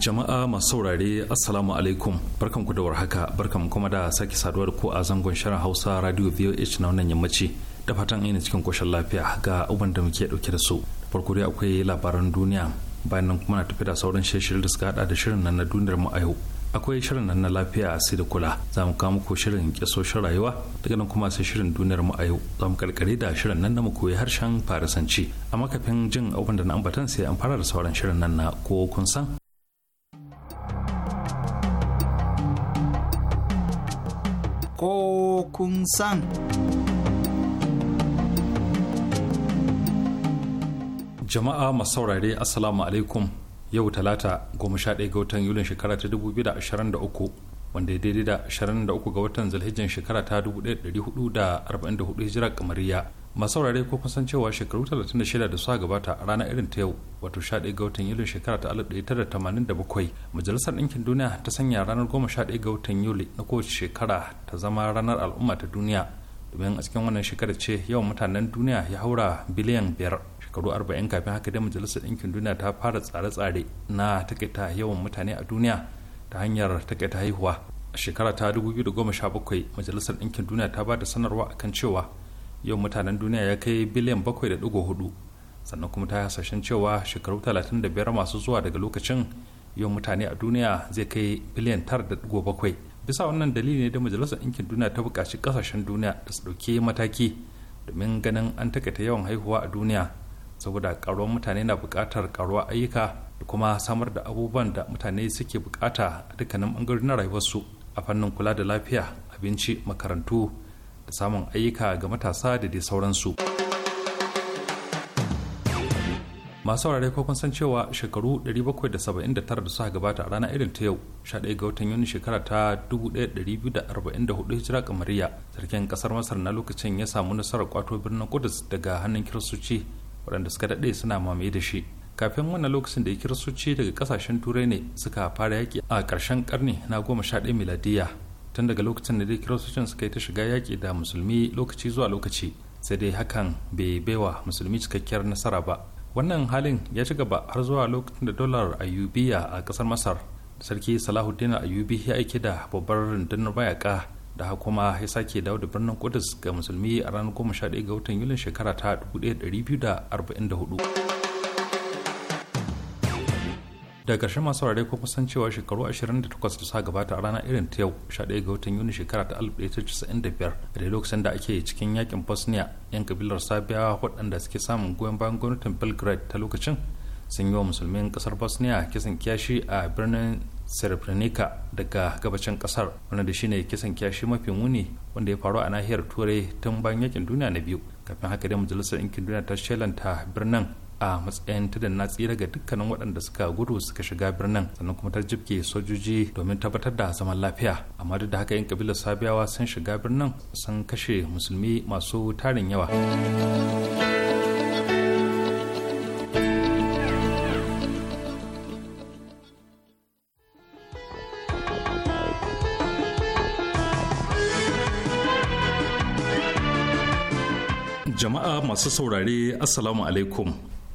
jama'a masu saurare assalamu alaikum barkan ku da warhaka barkan kuma da sake saduwa da ku a zangon shirin hausa radio voh na wannan yammaci da fatan ina cikin koshin lafiya ga abin da muke dauke da su farko dai akwai labaran duniya bayan nan kuma na tafi da sauran shirin da suka hada da shirin nan na duniyar mu a yau akwai shirin nan na lafiya sai da kula za mu kawo muku shirin kisoshin rayuwa daga nan kuma sai shirin duniyar mu a yau za mu karkare da shirin nan na mu koyi harshen farisanci amma kafin jin abin da na ambatan sai an fara da sauran shirin nan na ko kun san ko kun san. Jama'a masaurare Assalamu alaikum yau talata goma sha ɗaya ga watan yulin shekara ta dubu biyu da ashirin da uku wanda ya daidai da ashirin da uku ga watan zulhijjin shekara ta dubu ɗaya da ɗari hudu da arba'in da hudu hijirar kamariya masu ko kusan cewa shekaru 36 da suka gabata a ranar irin ta yau wato 11 ga watan yuli shekara ta 1987 majalisar ɗinkin duniya ta sanya ranar 11 ga watan yuli na kowace shekara ta zama ranar al'umma ta duniya domin a cikin wannan shekarar ce yawan mutanen duniya ya haura biliyan biyar shekaru 40 kafin haka dai majalisar ɗinkin duniya ta fara tsare-tsare na takaita yawan mutane a duniya ta hanyar takaita haihuwa a shekara ta 2017 majalisar ɗinkin duniya ta ba da sanarwa akan cewa yau mutanen duniya ya kai biliyan 7.4 sannan kuma ta hasashen cewa shekaru 35 masu zuwa daga lokacin yau mutane a duniya zai kai biliyan 9.7 bisa wannan dalili ne da majalisar ɗinkin duniya ta buƙaci ƙasashen duniya da su ɗauki mataki domin ganin an takaita yawan haihuwa a duniya saboda karuwar mutane na buƙatar karuwar ayyuka da kuma samar da abubuwan da mutane suke buƙata a dukkanin ɓangarori na rayuwarsu a fannin kula da lafiya abinci makarantu da samun ayyuka ga matasa da dai sauransu masu saurare ko san cewa shekaru 779 da suka gabata a rana irin ta yau 11 ga watan yuni shekara ta 1244 hijira kamariya sarkin kasar masar na lokacin ya samu nasarar kwato birnin kudus daga hannun kiristoci waɗanda suka daɗe suna mamaye da shi kafin wannan lokacin da ya kiristoci daga kasashen turai ne suka fara yaƙi a ƙarshen ƙarni na goma sha ɗaya miladiyya tun daga lokacin da dai kiristocin suka yi ta shiga yaƙi da musulmi lokaci zuwa lokaci sai dai hakan bai baiwa musulmi cikakkiyar nasara ba wannan halin ya ci gaba har zuwa lokacin da dolar ayubiya a ƙasar masar sarki salahuddin ayubi ya aiki da babbar rundunar mayaka da kuma ya sake dawo da birnin kudus ga musulmi a ranar goma 11 ga watan yulin shekara ta 1244 daga ƙarshen masu saurare ko kusan cewa shekaru 28 da suka gabata a rana irin ta yau 11 ga watan yuni shekara ta 1995 da lokacin da ake cikin yakin bosnia yan kabilar sabiyawa waɗanda suke samun goyon bayan gwamnatin belgrade ta lokacin sun yi wa musulmin kasar bosnia kisan kiyashi a birnin srebrenica daga gabacin kasar wanda da shine kisan kiyashi mafi muni wanda ya faru a nahiyar turai tun bayan yakin duniya na biyu kafin haka dai majalisar ɗinkin duniya ta shelanta birnin a matsayin da na tsira ga dukkanin waɗanda suka gudu suka shiga birnin sannan kuma ta jibge sojoji domin tabbatar da zaman lafiya amma duk da haka yan kabilar sabiyawa sun shiga birnin sun kashe musulmi masu tarin yawa jama'a masu saurare assalamu alaikum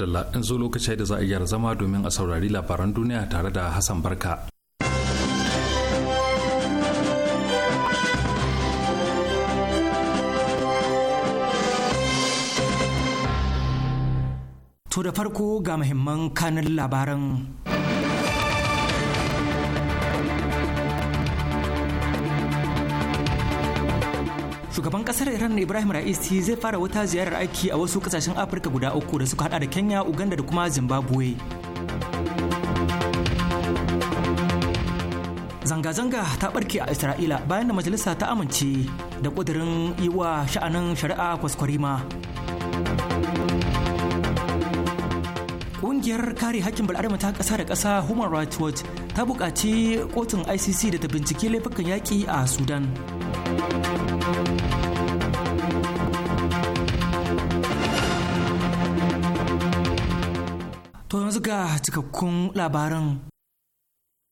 madalla in zo lokaci da za a yar zama domin a saurari labaran duniya tare da Hassan Barka. To da farko ga muhimman kanin labaran shugaban kasar iran ibrahim ra'isi zai fara wata ziyarar aiki a wasu kasashen afirka guda uku da suka hada da kenya uganda da kuma zimbabwe zanga-zanga ta barke a isra'ila bayan da majalisa ta amince da kudirin yi wa sha'anin shari'a kwaskwarima Ƙungiyar kare hakkin bal'adama ta ƙasa da ƙasa Human Rights Watch ta buƙaci kotun ICC da ta binciki laifukan yaƙi a Sudan. To yanzu ga cikakkun labaran.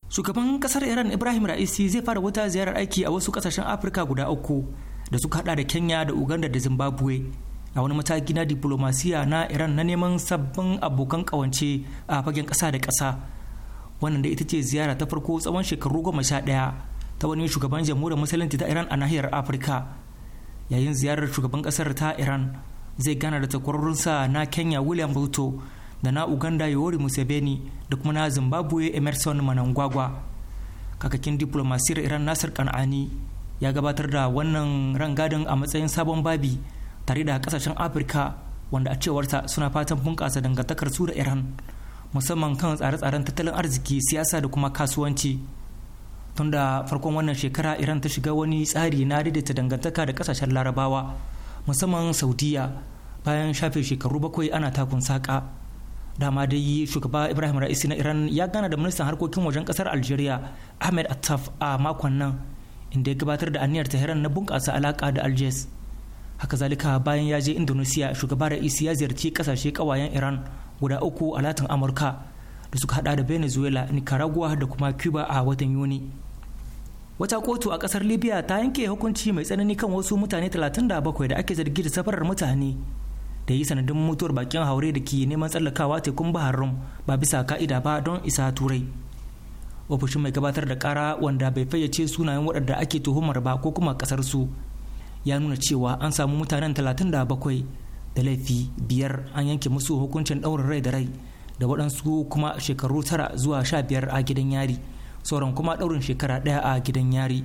Shugaban kasar Iran Ibrahim Ra'isi zai fara wata ziyarar aiki a wasu kasashen Afirka guda uku da suka hada da Kenya da Uganda da Zimbabwe a wani mataki na diplomasiya na Iran na neman sabbin abokan kawance a fagen kasa da kasa. Wannan da ita ce ziyara ta farko tsawon shekaru goma sha ɗaya ta wani shugaban jamhuriyar musulunci ta Iran a nahiyar Afirka. Yayin ziyarar shugaban kasar ta Iran zai gana da takwarorinsa na Kenya William Ruto da na uganda yori museveni da kuma na zimbabwe emerson manangwagwa kakakin diplomasiyar iran nasir kan'ani ya gabatar da wannan rangadin a matsayin sabon babi tare da kasashen afirka wanda a cewarsa suna fatan bunƙasa dangantakar su da iran musamman kan tsare-tsaren tattalin arziki siyasa da kuma kasuwanci tun da farkon wannan shekara iran ta shiga wani tsari na daidaita dangantaka da kasashen larabawa musamman saudiya bayan shafe shekaru bakwai ana takun saƙa dama dai shugaba ibrahim ra'isi na iran ya gana da ministan harkokin wajen kasar algeria ahmed attaf a makon nan inda ya gabatar da aniyar tehran na bunƙasa alaƙa da algiers haka zalika bayan ya je indonesia shugaba ra'isi ya ziyarci kasashe kawayen iran guda uku a latin amurka da suka hada da venezuela nicaragua da kuma cuba a watan yuni wata kotu a kasar libya ta yanke hukunci mai tsanani kan wasu mutane 37 da ake zargi da safarar mutane ta yi sanadin mutuwar bakin haure da ke neman tsallakawa tekun bahar rum ba bisa ka'ida ba don isa turai ofishin mai gabatar da kara wanda bai fayyace sunayen waɗanda ake tuhumar ba ko kuma ƙasar su ya nuna cewa an samu mutanen talatin da bakwai da laifi biyar an yanke musu hukuncin ɗaurin rai da rai da waɗansu kuma shekaru tara zuwa sha biyar a gidan yari sauran kuma ɗaurin shekara ɗaya a gidan yari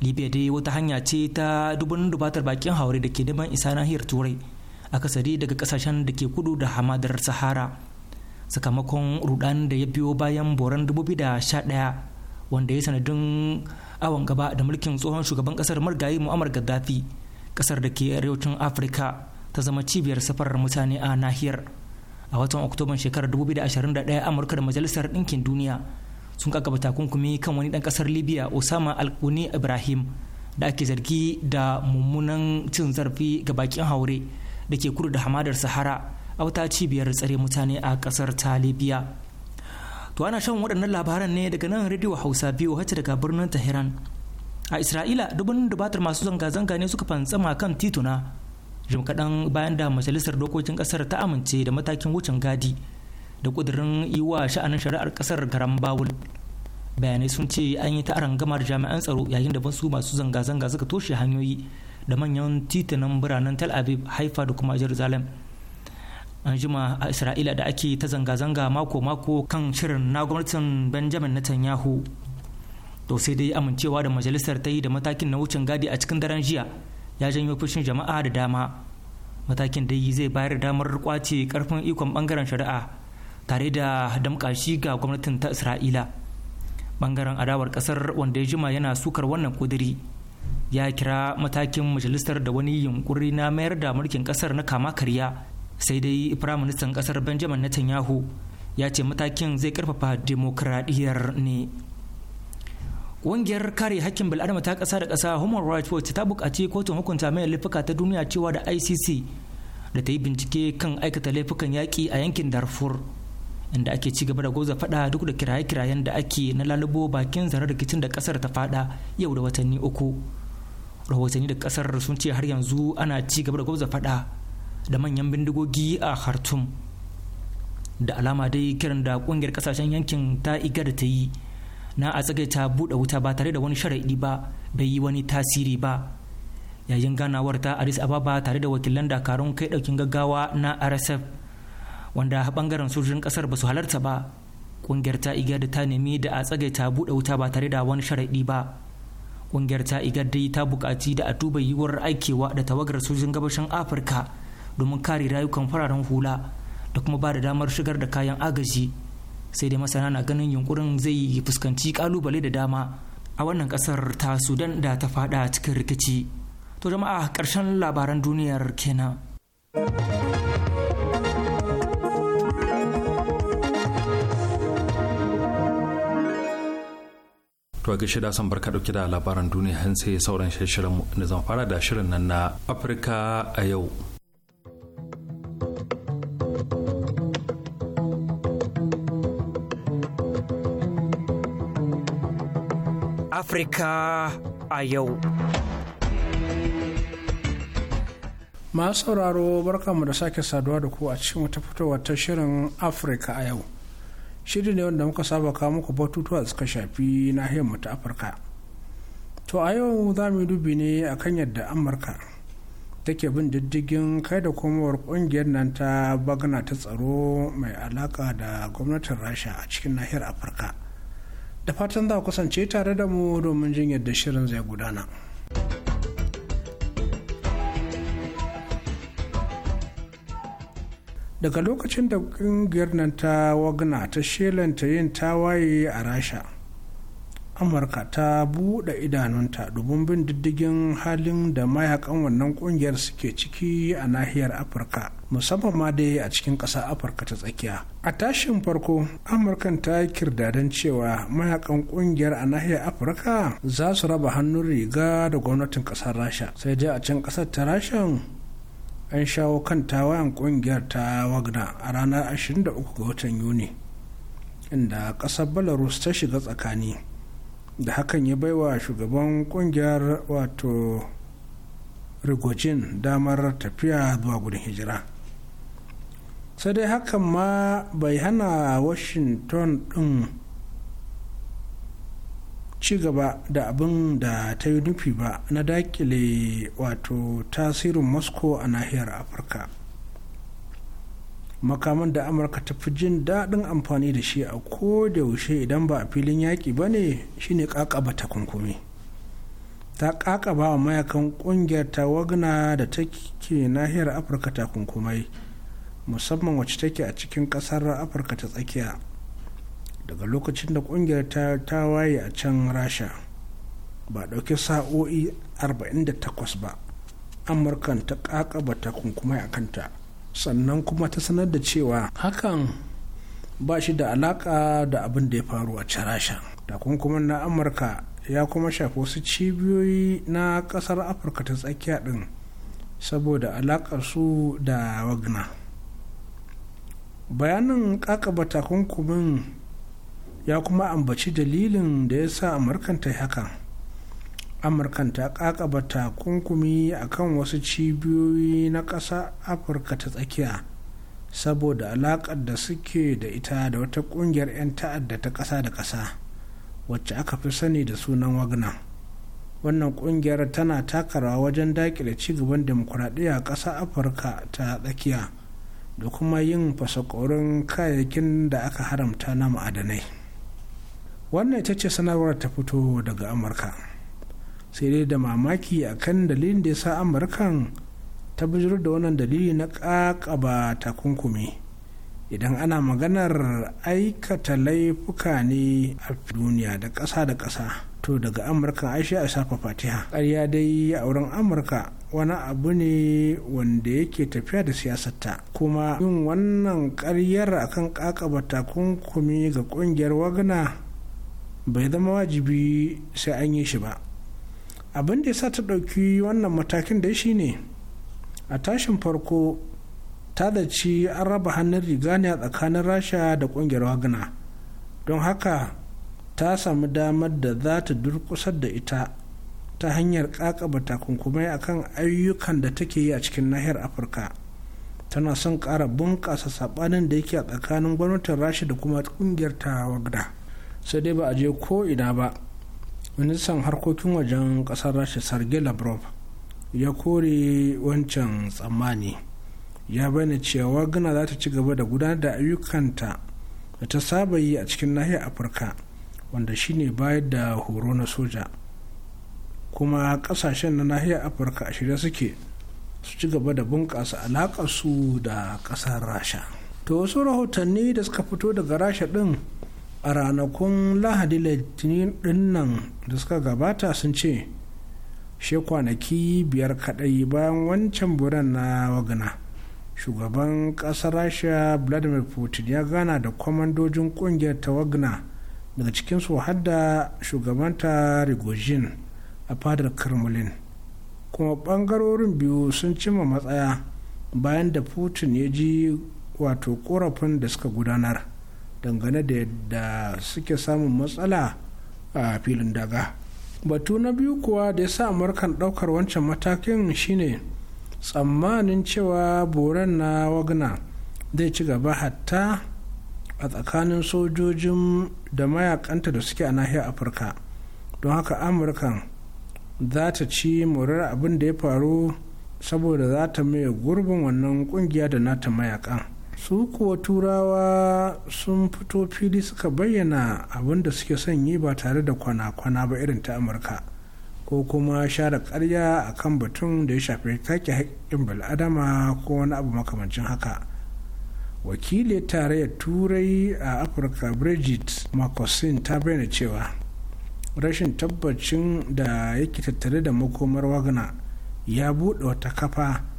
libya dai wata hanya ce ta dubun dubatar bakin haure da ke neman isa nahiyar turai akasari daga kasashen da ke kudu da hamadar sahara sakamakon rudan da ya biyo bayan boran 2011 wanda ya sanadin awon gaba da mulkin tsohon shugaban kasar margayi mu'amar gaddafi kasar da ke arewacin afirka ta zama cibiyar safarar mutane a nahiyar a watan oktoban shekarar 2021 amurka da majalisar ɗinkin duniya sun kakaba takunkumi kan wani ɗan ƙasar libya osama alkuni ibrahim da ake zargi da mummunan cin zarafi ga bakin haure da ke kudu da hamadar sahara a wata cibiyar tsare mutane a kasar ta libya to ana shan waɗannan labaran ne daga nan rediyo hausa biyu hacce daga birnin tehran a isra'ila dubun dubatar masu zanga-zanga ne suka fantsama kan tituna jim kaɗan bayan da majalisar dokokin ƙasar ta amince da matakin wucin gadi da ƙudurin yi wa sha'anin shari'ar ƙasar garan bawul bayanai sun ce an yi ta arangamar jami'an tsaro yayin da su masu zanga-zanga suka toshe hanyoyi da manyan titunan biranen tel aviv haifa da kuma jerusalem an jima a isra'ila da ake ta zanga-zanga mako-mako kan shirin na gwamnatin benjamin netanyahu to sai dai amincewa da majalisar ta yi da matakin na wucin gadi a cikin daren jiya ya janyo fushin jama'a da dama matakin dai zai bayar damar kwace karfin ikon bangaren shari'a tare da damkashi ga gwamnatin ta isra'ila bangaren adawar kasar wanda ya jima yana sukar wannan kudiri ya kira matakin majalisar da wani yunkuri na mayar da mulkin kasar na kama karya sai dai firaministan kasar benjamin netanyahu ya ce matakin zai karfafa demokradiyyar ne ƙungiyar kare hakkin bil'adama ta kasa da kasa human rights watch ta bukaci kotun hukunta mai laifuka ta duniya cewa da icc da ta yi bincike kan aikata laifukan yaƙi a yankin darfur inda ake ci gaba da goza fada duk da kiraye-kirayen da ake na lalubo bakin zaren rikicin da kasar ta fada yau da watanni uku rahotanni da kasar sun ce har yanzu ana ci gaba da gwamza fada da manyan bindigogi a khartoum da alama dai kiran da kungiyar kasashen yankin ta iga da ta yi na a ta buɗe wuta ba tare da wani sharaɗi ba bai yi wani tasiri ba yayin ganawar ta addis ababa tare da wakilan dakarun kai ɗaukin gaggawa na rsf wanda bangaren sojojin kasar ba su halarta ba kungiyar ta iga da ta nemi da a ta buɗe wuta ba tare da wani sharaɗi ba kungiyar ta dai ta buƙaci da a duba yiwuwar aikewa da tawagar sojin gabashin afirka domin kare rayukan fararen hula da kuma ba da damar shigar da kayan agaji sai dai masana na ganin yunkurin zai fuskanci kalubale da dama a wannan kasar ta sudan da ta fada cikin rikici to jama'a karshen labaran duniyar kenan To gaishe da san barka dauke da labaran duniya har sai sauran shirin mu da zan fara da shirin nan na Afirka a yau. Afirka a yau. Masu sauraro barkamu da sake saduwa da ku a cikin wata fitowa ta shirin Afirka a yau. shiri ne wanda muka saba kawo muku batutuwa suka shafi nahiyar mu ta afirka to a yau za mu dubi ne akan yadda amurka take bin diddigin kai da komowar kungiyar nan ta bagana ta tsaro mai alaka da gwamnatin rasha a cikin nahiyar afirka da fatan za kusance tare da mu domin jin yadda shirin zai gudana. daga lokacin da kungiyar nan ta wagna ta shelanta yin tawaye a rasha amurka ta buɗe idanunta domin bin diddigin halin da mayakan wannan kungiyar suke ciki a nahiyar afirka musamman ma dai a cikin ƙasa afirka ta tsakiya a tashin farko amurkan ta yi cewa mayakan kungiyar a nahiyar afirka za su raba hannun riga da gwamnatin ƙasar rasha sai dai a can ƙasar ta rashan an shawo kan tawayan kungiyar ta wagna a ranar 23 ga watan yuni inda kasar belarus ta shiga tsakani da hakan ya baiwa shugaban kungiyar wato rigojin damar tafiya zuwa gudun hijira sai dai hakan ma bai hana washington din ci gaba da abin da ta yi nufi ba na dakile wato tasirin moscow a nahiyar afirka makaman da amurka ta fi jin daɗin amfani da shi a yaushe idan ba a filin yaƙi ba ne shine ƙaƙaba takunkumi ta ƙaƙaba wa mayakan ƙungiyar ta wagna da take nahiyar afirka ta kunkumai musamman wacce take a cikin ƙasar afirka ta tsakiya daga lokacin da kungiyar ta waye a can rasha ba ɗauki sa'o'i 48 ba amurkan ta kakaba takunkumai a kanta sannan kuma ta sanar da cewa hakan ba shi da alaka da abin da ya faru a can rasha takunkumin na amurka ya kuma shafi wasu cibiyoyi na kasar afirka ta tsakiya din saboda alakar su da wagna. bayanin kakaba takunkumin ya kuma ambaci dalilin da ya sa amurkan ta haka amurkan ta kakaba takunkumi a kan wasu cibiyoyi na ƙasa afirka ta tsakiya saboda alaƙar da suke da ita da wata ƙungiyar 'yan ta'adda ta ƙasa da ƙasa wacce aka fi sani da sunan wagna wannan ƙungiyar tana takarawa wajen daƙile cigaban demokuraɗiyya a ƙasa afirka ta tsakiya da kuma yin fasakorin kayayyakin da aka haramta na ma'adanai. wannan ita ce sanarwar ta fito daga amurka sai dai da mamaki akan dalilin da ya sa amurkan ta bijiro da wannan dalili na kakaba takunkumi idan ana maganar aikata laifuka ne a duniya da ƙasa da ƙasa to daga amurka ai a safa fatiha ƙarya dai a wurin amurka wani abu ne wanda yake tafiya da siyasarta kuma yin wannan ƙaryar akan kakaba takunkumi ga ƙungiyar wagna bai zama wajibi sai an yi shi ba abin da ya sa ta ɗauki wannan matakin da shi ne a tashin farko ta da ci an raba hannun riga ne a tsakanin rasha da ƙungiyar wagna don haka ta samu damar da za ta durkusar da ita ta hanyar kakaba takunkumai kan ayyukan da take yi a cikin nahiyar afirka tana son ƙara bunƙasa saɓanin da yake a tsakanin gwamnatin rasha da kuma ƙungiyar ta wagana. sai dai ba a je ko ina ba ministan harkokin wajen kasar rasha sergei lavrov ya kore wancan tsammani ya bayyana cewa gana za ta ci gaba da gudanar da ayyukanta da ta saba yi a cikin nahiyar afirka wanda shine bayar da horo na soja kuma kasashen na nahiyar afirka a shirya suke su ci gaba da bunƙasa su da ƙasar rasha to wasu rahotanni da suka fito daga rasha ɗin a ranakun lahadi litinin dinnan da suka gabata sun ce she kwanaki biyar kadai bayan wancan buran na wagana shugaban kasar rasha vladimir putin ya gana da kwamandojin kungiyar ta wagna daga cikinsu hadda shugabanta rigojin a fadar kremlin kuma bangarorin biyu sun cimma matsaya bayan da putin ya ji wato korafin da suka gudanar dangane da yadda suke samun matsala a filin daga batu na biyu kuwa da ya sa amurkan daukar wancan matakin shine tsammanin cewa boran na wagna zai ci gaba hatta a tsakanin sojojin da mayakanta da suke a nahiyar afirka don haka amurkan za ta ci murar abin da ya faru saboda za ta maye gurbin wannan kungiya da nata mayakan su kuwa turawa sun fito fili suka bayyana abin da suke son yi ba tare da kwana-kwana ba irin ta amurka ko kuma share karya a kan batun da ya shafi kake haƙƙin bil'adama ko wani abu makamancin haka wakili tarayyar turai a afirka bridget makosin ta bayyana cewa rashin tabbacin da yake tattare da makomar wagna ya buɗe wata kafa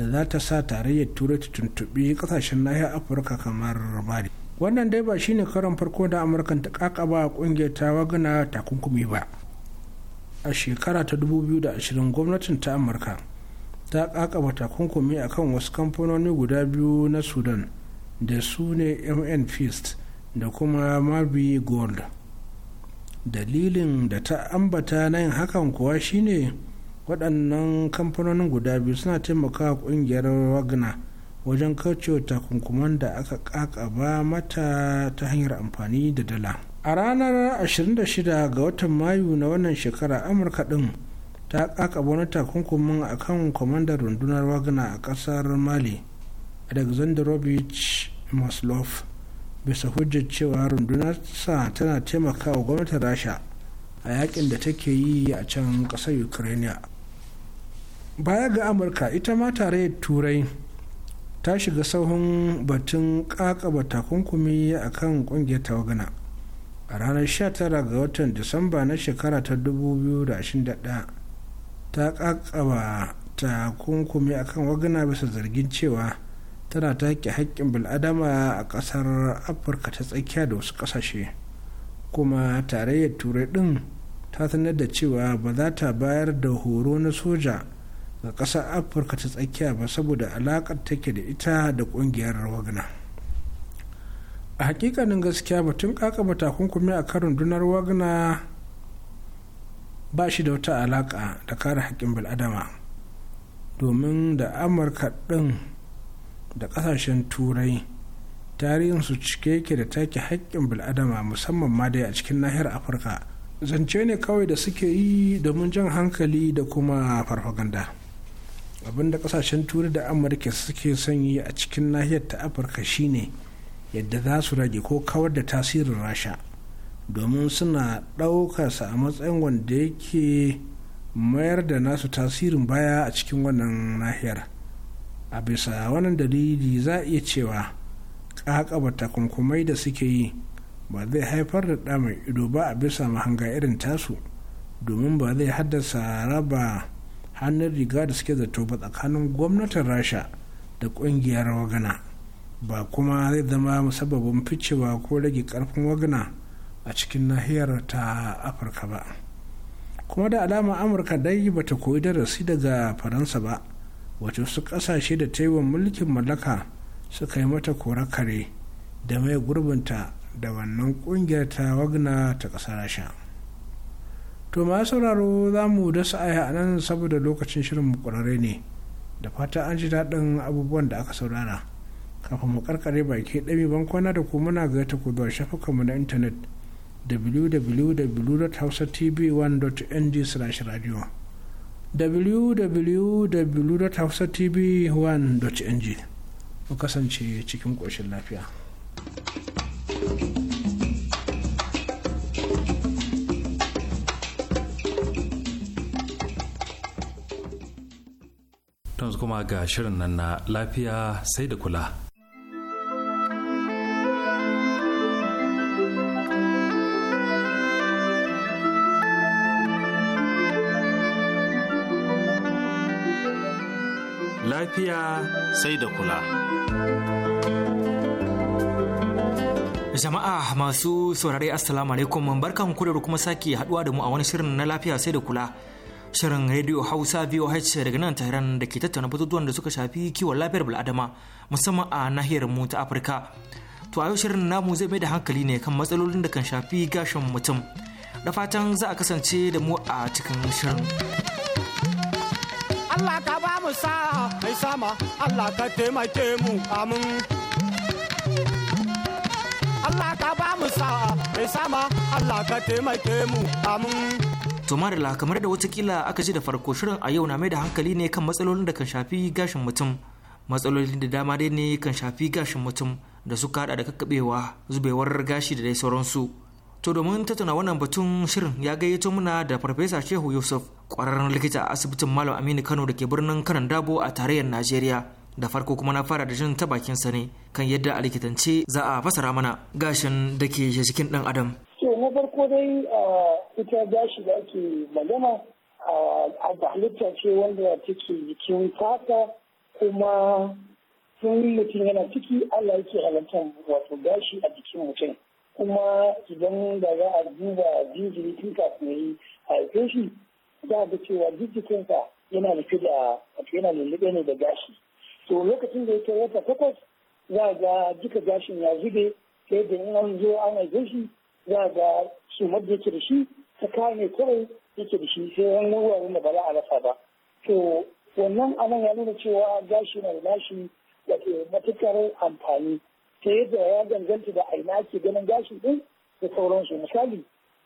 da za ta sa tarayyar turai ta tuntuɓi ƙasashen nahiyar afirka kamar mali wannan dai ba shine karon farko da amurkan ta kakaba kungiyar ta wagana takunkumi ba a shekara ta dubu biyu da ashirin gwamnatin ta amurka ta kakaba takunkumi a kan wasu kamfanoni guda biyu na sudan da su ne mn feast da kuma mavi gold dalilin da ta ambata na yin hakan kuwa shine waɗannan kamfanonin guda biyu suna taimakawa ƙungiyar wagna wajen kaucewa takunkuman da aka ƙaƙaba mata ta hanyar amfani da dala a ranar 26 ga watan mayu na wannan shekara amurka din ta ƙaƙaba wani takunkumin akan kwamandar rundunar wagna a ƙasar mali alexander robich maslov bisa hujjar cewa sa tana taimakawa gwamnatin rasha a yakin da take yi a can ƙasar ukraine baya ga amurka ita ma tarayyar turai ta shiga sauhun batun kakaba takunkumi a kan kungiyar tawagana a ranar 19 ga watan disamba na shekara ta 2021 ta kakaba takunkumi a kan wagana bisa zargin cewa tana take haƙƙin bil'adama a ƙasar afirka ta tsakiya da wasu ƙasashe kuma tarayyar turai ɗin ta sanar da cewa ba za ta bayar da horo na soja ga ƙasar afirka ta tsakiya ba saboda alaƙar take da ita da ƙungiyar wagner a hakikanin gaskiya batun ƙaƙa takunkumi a karin dunar wagner ba shi da wata alaƙa da kare haƙƙin bil'adama domin da amurka ɗin da ƙasashen turai tarihin su cike yake da take haƙƙin bil'adama musamman ma dai a cikin nahiyar afirka zance ne kawai da suke yi domin jan hankali da kuma farfaganda. abinda kasashen turai da amurka suke son yi a cikin nahiyar ta afirka shine yadda za su rage ko kawar da tasirin rasha domin suna ɗaukarsa a matsayin wanda yake mayar da nasu tasirin baya a cikin wannan nahiyar a bisa wannan dalili za a iya cewa ƙaƙaba takunkumai da suke yi ba zai haifar da ɗa mai ido ba a bisa mahanga irin tasu domin ba zai haddasa raba hannun riga da suke zato ba tsakanin gwamnatin rasha da kungiyar wagana ba kuma zai zama musabbabin ficewa ko rage karfin wagana a cikin nahiyar ta afirka ba kuma da alama amurka dai bata koyi darasi daga faransa ba wato su kasashe da ta yi wa mulkin mallaka suka yi mata kore kare da mai gurbinta da wannan kungiyar ta wagna ta ƙasar rasha to ma sauraro za mu dasa aya a nan saboda lokacin shirin mu kurare ne da fata an ji daɗin abubuwan da aka saurara kafin mu karkare baki ɗami bankwana da kuma muna gaita ku zuwa mu na intanet www.hausatv1.ng/radio www.hausatv1.ng mu kasance cikin ƙoshin lafiya. koma ga shirin nan na lafiya sai da kula. Lafiya sai da kula. Jama'a masu saurare Assalamu alaikum barkan ku kuma sake haduwa da mu a wani shirin na lafiya sai da kula. Shirin Radio Hausa VOH daga nan Tehran da ke tattauna batutuwan da suka shafi kiwon lafiyar bil'adama musamman a nahiyar mu ta Afirka. To a yau shirin namu zai mai da hankali ne kan matsalolin da kan shafi gashin mutum. Da fatan za a kasance da mu a cikin shirin. Allah ka ba mu sa'a mai sama Allah ka taimake mu amin. Allah ka ba mu sa'a mai sama Allah ka taimake mu amin. To Marila kamar da watakila aka ji da farko shirin a yau na mai da hankali ne kan matsalolin da kan shafi gashin mutum. Matsalolin da dama dai ne kan shafi gashin mutum da suka hada da kakkabewa zubewar gashi da dai sauransu. To domin tattauna wannan batun shirin ya gayyato muna da Farfesa Shehu Yusuf kwararren likita a asibitin Malam Aminu Kano da ke birnin kanon Dabo a tarayyar Najeriya. Da farko kuma na fara da jin ta bakin sa ne kan yadda a likitance za a fasara mana gashin da ke cikin ɗan Adam. to na farko dai a ah, ita gashi da ake magana ah, a da halitta ce wanda take jikin fata kuma tun mutum yana ciki Allah yake halittar wato gashi a jikin mutum kuma idan da za a duba jirgin tun kafin ya yi haife shi za ga cewa jijikinsa yana rufe da wato yana lullube ne da gashi to lokacin da ya kai wata takwas za a ga duka gashin ya zube sai da in an zo an haife za ga sumar da yake da shi ta kame kawai yake da shi sai wani wuraren da ba za a rasa ba to wannan anan ya nuna cewa gashi na da gashi da ke matukar amfani ta yadda ya danganta da aina ake ganin gashi din da sauransu misali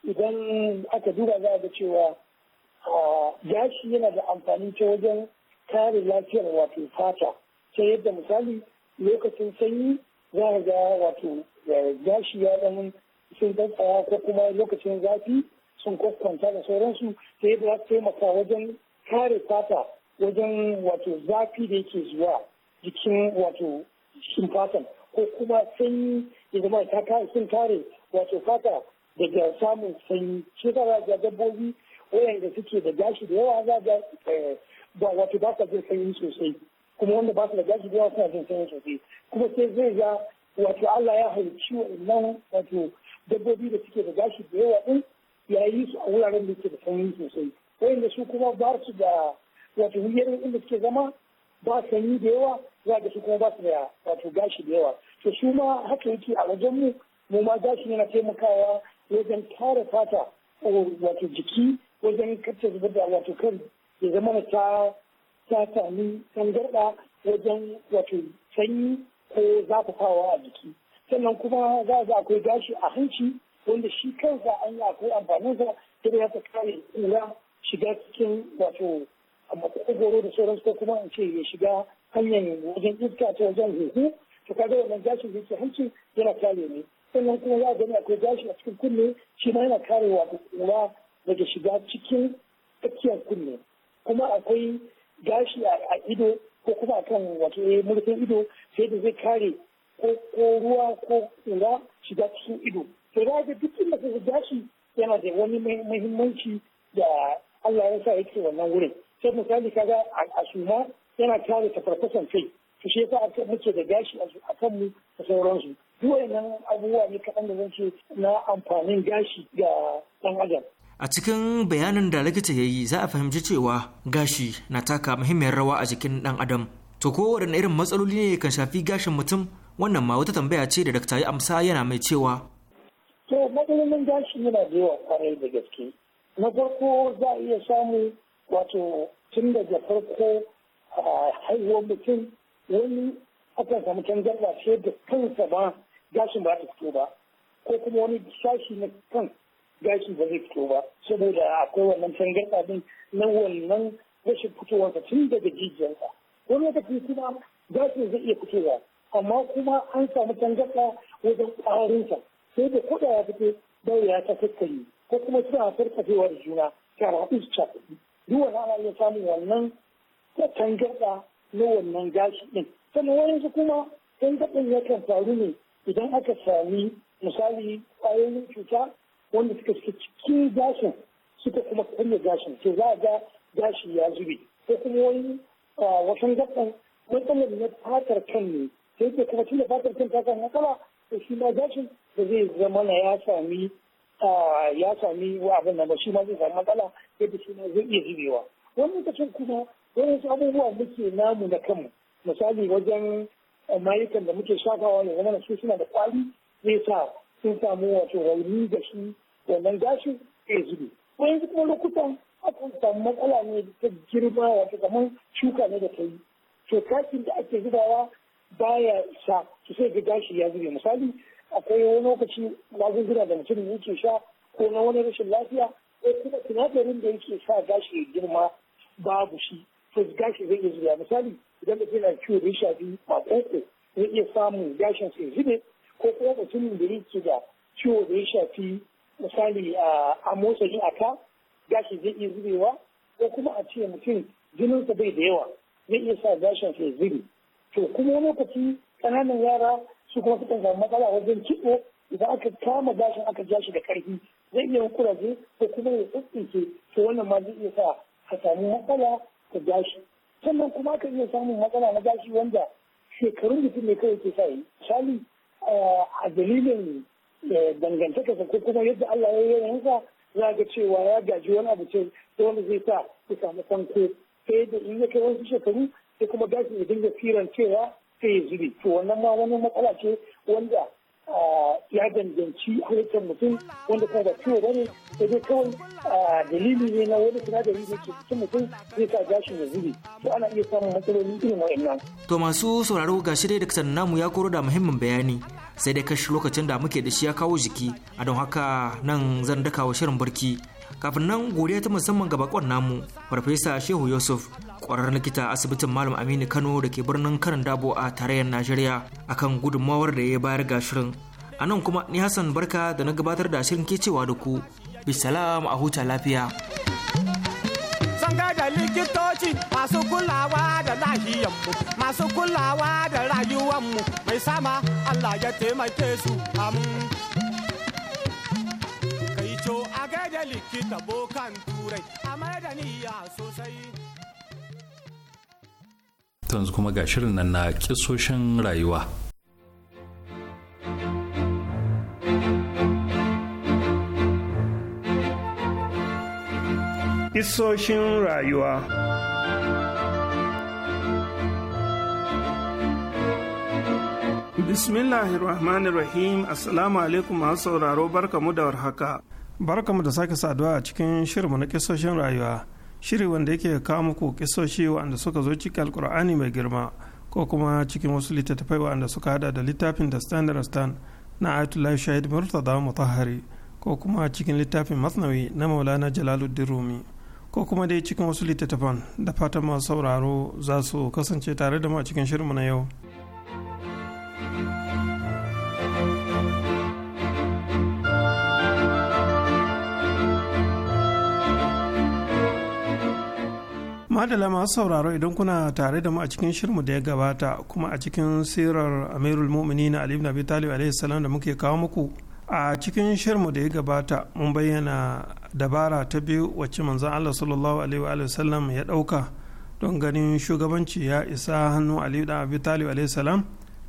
idan aka duba za a ga cewa gashi yana da amfani ta wajen kare lafiyar wato fata ta yadda misali lokacin sanyi za a ga wato eh, gashi ya zama sun dantsaya ko kuma lokacin zafi sun kwaskwanta da sauransu ta yadda za su taimaka wajen kare fata wajen wato zafi da yake zuwa jikin wato jikin fatan ko kuma sanyi ya zama ta kare sun kare wato fata daga samun sanyi shi ta za ga dabbobi wayanda suke da gashi da yawa za ga eh, ba wato ba sa jin sanyi sosai kuma wanda ba su da gashi da yawa suna jin sanyi sosai kuma sai zai ga wato Allah ya halicci wannan wato dabbobi da suke da gashi da yawa din ya yi su a wuraren da ke da sanyi sosai wayanda su kuma ba su da wato wuyarin inda suke zama ba sanyi da yawa za ga su kuma ba su da wato gashi da yawa to su ma haka yake a wajen mu mu ma gashi yana taimakawa wajen tara fata wato jiki wajen kacce zubar da wato kan ya zama ta ta sami tangarɗa wajen wato sanyi ko zafafawa a jiki sannan kuma za a akwai gashi a hanci wanda shi kansa an yi akwai amfaninsa ta da ta kare kura shiga cikin wato makogoro da sauran ko kuma in ce ya shiga hanyar wajen iska ta wajen huhu to kaga wannan gashin da yake hanci yana kare ne sannan kuma za a gani akwai gashi a cikin kunne shi ma yana kare wato kura daga shiga cikin tsakiyar kunne kuma akwai gashi a ido ko kuma akan wato eh, murfin ido sai da zai kare ko ko ruwa ko kura shiga cikin ido to da ga duk inda ka gashi yana da wani muhimmanci da Allah ya sa yake wannan wurin sai misali kaga a suma yana kare farkasan kai to shi yasa aka muke da gashi a kan mu da sauransu duk wayannan abubuwa ne kaɗan da zan na amfanin gashi ga ɗan adam a cikin bayanin da likita ya yi za a fahimci cewa gashi na taka muhimmiyar rawa a jikin ɗan adam to kowane irin matsaloli ne kan shafi gashin mutum wannan ma wata tambaya ce da dakta ya amsa yana mai cewa to matsalolin gashi yana da yawa kwarai da gaske na farko za a iya samu wato tun daga farko a haihuwar mutum wani akan samu canjar ba sai da kansa ba gashin ba ta fito ba ko kuma wani sashi na kan gashi ba zai fito ba saboda akwai wannan canjar din na wannan rashin fitowarsa tun daga jijiyarsa wani lokaci kuma gashin zai iya fitowa amma kuma an samu tangarɗa wajen sa sai da kuɗa ya fito daura ya ta kakkari ko kuma suna farfafewa da juna ta haɗu su cakuɗi duk wani ana iya samun wannan tangarɗa na wannan gashi ɗin sannan wani kuma tangarɗin yakan faru ne idan aka sami misali ƙwayoyin cuta wanda suka suke cikin gashin suka kuma kunya gashin to za a ga gashi ya zube ko kuma wani wasan gaban matsalar na fatar kan ne sai ke kuma tun da fatar kan ta samu matsala to shi ma gashin da zai zama na ya sami ya sami wa abin nan ba shi ma zai sami matsala yadda shi ma zai iya zubewa wani lokacin kuma wani abubuwa muke namu na kanmu misali wajen eh, mayukan da muke shafawa ya zama su suna da kwali zai sa sun samu wato rauni da shi wannan gashin zai zube yanzu kuma lokutan akan samu matsala ne ta girma wato kamar shuka ne da ta yi to da ake zubawa baya sa su sai ga gashi ya zube misali akwai wani lokaci magunguna da mutum yake sha ko na wani rashin lafiya ko kuma sinadarin da yake sa gashi ya girma babu shi to gashi zai iya zube. misali idan mutum yana ciwo da ya shafi makoko zai iya samun gashin sai zube ko kuma mutumin da yake da ciwo da ya shafi misali a motsa ni a ka gashi zai iya zubewa ko kuma a ce mutum jininsa bai da yawa zai iya sa gashin sai zube to kuma lokaci ƙananan yara su kuma sukan samu matsala wajen kiɗo idan aka kama gashin aka ja shi da ƙarfi zai iya kuraje ko kuma ya tsintsince to wannan ma zai iya sa a samu matsala ta gashi sannan kuma aka iya samun matsala na gashi wanda shekarun mutum ne kawai ke sa yi misali eh, a dalilin eh, dangantakarsa ko kuma yadda Allah ya yi yansa za ga cewa ya gaji wani abu ce wanda zai sa ya samu sanko sai da in ya kai wasu shekaru sai kuma gashin ya dinga firan cewa sai ya zube to wannan ma wani matsala ce wanda ya danganci halittar mutum wanda kuma ba ciwo bane sai dai kawai dalili ne na wani sinadari da ke cikin mutum zai sa gashin ya zube to ana iya samun matsalolin irin wa'annan. to masu sauraro ga shi da kasar namu ya koro da muhimmin bayani sai dai kashi lokacin da muke da shi ya kawo jiki a don haka nan zan dakawa shirin barki kafin nan godiya ta musamman ga bakon namu farfesa shehu yusuf kwarar likita asibitin malam aminu kano da ke birnin karin dabo a tarayyar najeriya akan gudunmawar da ya bayar ga shirin a nan kuma ni hassan barka da na gabatar da shirin ke cewa da ku bisalam a huta lafiya da likitoci masu kulawa da lahiyanmu masu kulawa da rayuwanmu mai sama allah ya taimake su kai co a da likita bokan turai a mai da niyya sosai to yanzu kuma ga shirin nan na kisoshin rayuwa Kisoshin rayuwa Rahim Assalamu alaikum masu sauraro barkamu da warhaka. Barkamu da sake saduwa a cikin shirinmu na kisoshin rayuwa. shiri wanda yake kawo muku kisoshi wanda suka zo cikin alkur'ani mai girma ko kuma cikin wasu littattafai wanda suka hada da littafin da standard stand na ayatollah shahid murtada mutahari ko kuma cikin littafin masnawi na maulana jalaluddin rumi ko kuma dai cikin wasu littattafan da fatan masu sauraro za su kasance tare da mu a cikin shirinmu na yau. madala masu sauraro idan kuna tare da mu a cikin shirmu da ya gabata kuma a cikin sirar amirul na ali ibn bi talib da muke kawo muku a cikin shirmu da ya gabata mun bayyana dabara ta biyu wacce manzan Allah sallallahu alaihi wa sallam ya dauka don ganin shugabanci ya isa hannu ali ibn abi talib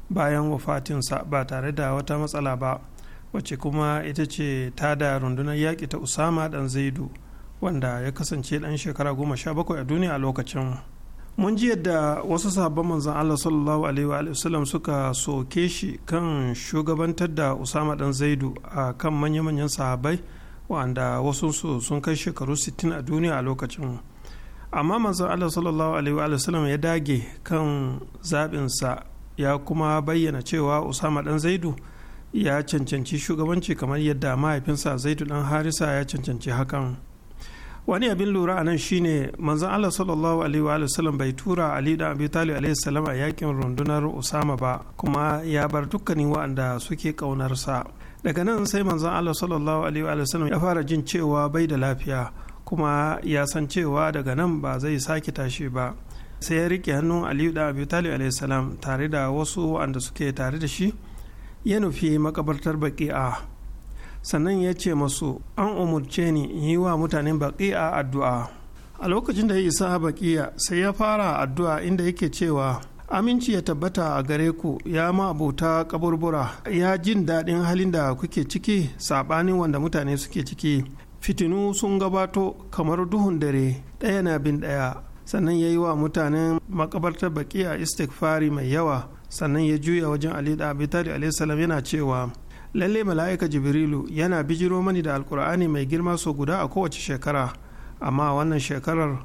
bayan wafatinsa ba tare da wata matsala ba wacce kuma ita ce ta da rundunar yaƙi ta usama dan zaidu wanda ya kasance ɗan shekara goma sha bakwai a duniya a lokacin mun ji yadda wasu sahabban manzan Allah sallallahu alaihi wa suka soke shi kan shugabantar da Usama dan Zaidu a kan manya-manyan sahabai wanda wasu su sun kai shekaru sittin a duniya a lokacin amma manzan Allah sallallahu alaihi wa ya dage kan zaɓinsa ya kuma bayyana cewa Usama dan Zaidu ya cancanci shugabanci kamar yadda mahaifinsa Zaidu dan Harisa ya cancanci hakan. wani abin lura a nan shine manzon Allah sallallahu alaihi wa sallam bai tura Ali da Abi Talib alaihi salam a yakin rundunar Usama ba kuma ya bar dukkanin waɗanda suke ƙaunarsa daga nan sai manzon Allah sallallahu alaihi wa sallam ya fara jin cewa bai da lafiya kuma ya san cewa daga nan ba zai sake tashi ba sai ya rike hannun ali da Abi Talib alaihi salam tare da wasu waanda suke tare da shi ya nufi makabartar baki'a sannan ya ce masu an umurce ni in yi wa mutane mutanen a addu'a a lokacin da ya isa baƙi'a sai ya fara addu'a inda yake cewa aminci ya tabbata a gare ku ya ma abota kaburbura ya jin daɗin halin da kuke ciki saɓanin wanda mutane suke ciki fitinu sun gabato kamar duhun dare ɗaya na bin ɗaya sannan ya yi wa mutanen makabartar a istighfari mai yawa sannan ya juya wajen ali da abi yana cewa lalle mala'ika jibrilu yana bijiro mani da alkur'ani mai girma so guda a kowace shekara amma wannan shekarar